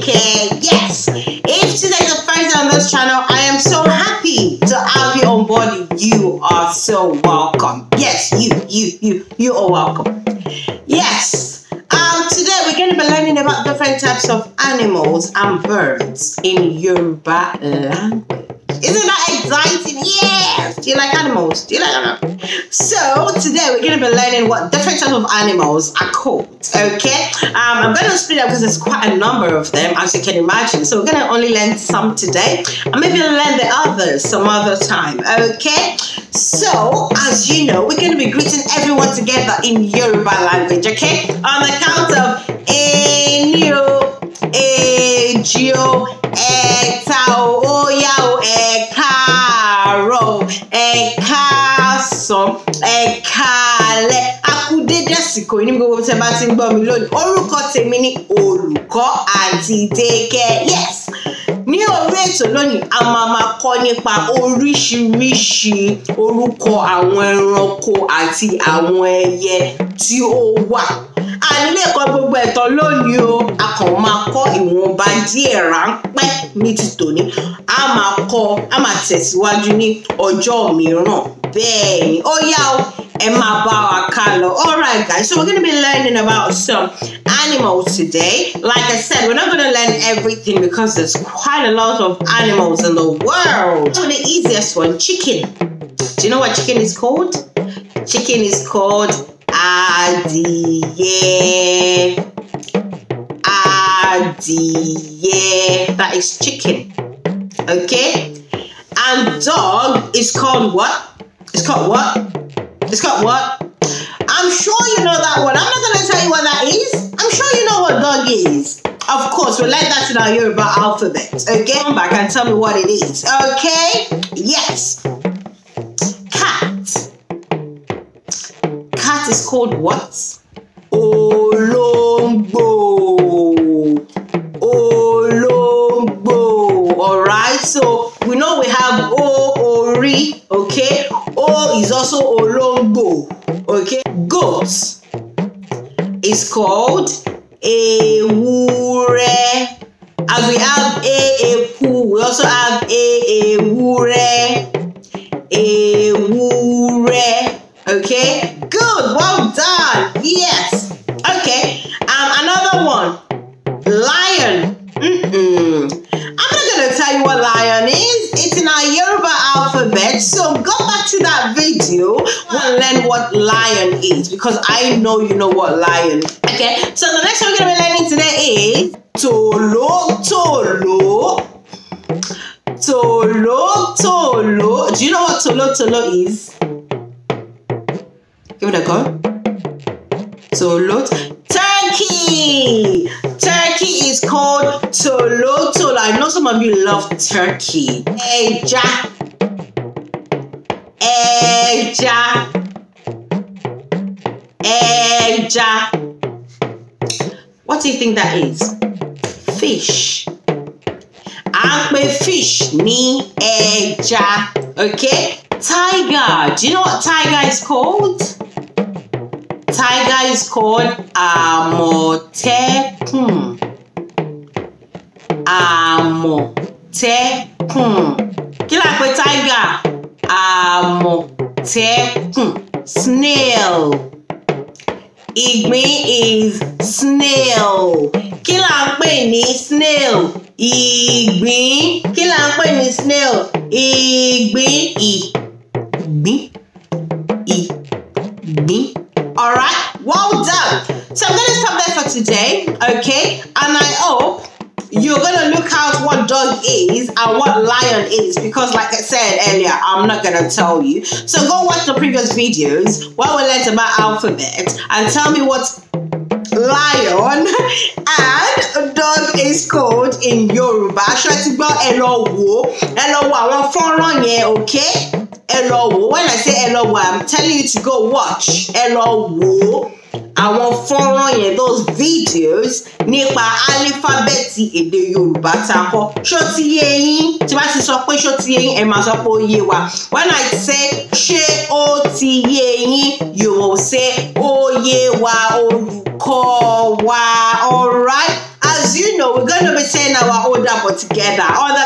Okay. Yes. If today is the first day on this channel, I am so happy to have you on board. You are so welcome. Yes, you, you, you, you are welcome. Yes. Um, today we're going to be learning about different types of animals and birds in Yoruba language. Isn't that exciting? you like animals, do you like animals? So today we're going to be learning what different types of animals are called, okay? Um, I'm going to split up because there's quite a number of them, as you can imagine. So we're going to only learn some today, and maybe learn the others some other time, okay? So, as you know, we're going to be greeting everyone together in Yoruba language, okay? On the count of Enyo, Ejo. ẹ káàsán ẹ káalẹ́ akúdé dẹsìkò ní gbogbo tẹ bá ti ń gbọ́ mi lónìí orúkọ tèmi ni olùkọ́ àti Dékẹ́ yes ní orí ètò lónìí a máa máa kọ́ nípa oríṣiríṣi orúkọ àwọn ẹranko àti àwọn ẹyẹ tí ó wà ilé ẹ̀kọ́ gbogbo ẹ̀tọ́ lónìí o a kàn máa kọ́ ìwọ̀nba díẹ̀ ráńpẹ́ ní ti tòní a máa kọ́ a máa tẹ̀síwájú ní ọjọ́ mìíràn bẹ́ẹ̀ ni ó yá o ẹ máa bá wa ká lọ alright guys so we're gonna be learning about some animals today like I said we're not gonna learn everything because there's quite a lot of animals in the world so the easiest one chicken do you know what chicken is called chicken is called adìyẹ adìyẹ that is chicken okay and dog is called what it's called what it's called what i'm sure you know that one i'm not going to tell you what that is i'm sure you know what dog is of course, we we like that in our Yoruba alphabet. Okay, come back and tell me what it is. Okay, yes. is called what? Olombo. Olóńgbò. Alright, so we know we have O, Ori, okay? O is also Olombo, okay? Goat is called Ewúrẹ́. As we have a Eeku, we also have a Ewúrẹ́. Ewúrẹ́, okay? Well done. Yes. Okay. Um, another one. Lion. Mm-mm. I'm not gonna tell you what lion is. It's in our Yoruba alphabet. So go back to that video. and learn what lion is because I know you know what lion. Is. Okay. So the next one we're gonna be learning today is tolo tolo. Tolo tolo. Do you know what tolo tolo is? Give it a go. Tolo. Turkey! Turkey is called Tolo Tolo. I know some of you love turkey. Eja. Eja. Eja. What do you think that is? Fish. I fish ni eja. Okay? Tiger. Do you know what tiger is called? tiger is called àmọ̀tẹ́kùn àmọ̀tẹ́kùn kí la pè tiger àmọ̀tẹ́kùn snail ìgbín is snail kí la pè snail ìgbín kí la pè ní snail ìgbín ìgbín ìgbín. All right, well done. So I'm going to stop there for today, okay? And I hope you're going to look out what dog is and what lion is because like I said earlier, I'm not going to tell you. So go watch the previous videos where we learned about alphabet and tell me what lion and dog is called in Yoruba. Ṣé I gbọ́ ẹ lọ wò ó? Ẹ lọ wo àwọn wo okay? ẹ wò when I say ẹ wò I'm telling you to go watch ẹ lọ wò àwọn fọ́nrán yẹn those videos nípa alifábẹ́ẹ̀tì èdè Yorùbá tá a kọ́ ṣó ti yé yín tí bá ti sọ pé ṣó ti yé yín ẹ máa sọ pé ó yé wa when I say ṣé ó ti yé yín you will say ó yé wa olùkọ́ wa alright as you know we're gonna be saying our order up together.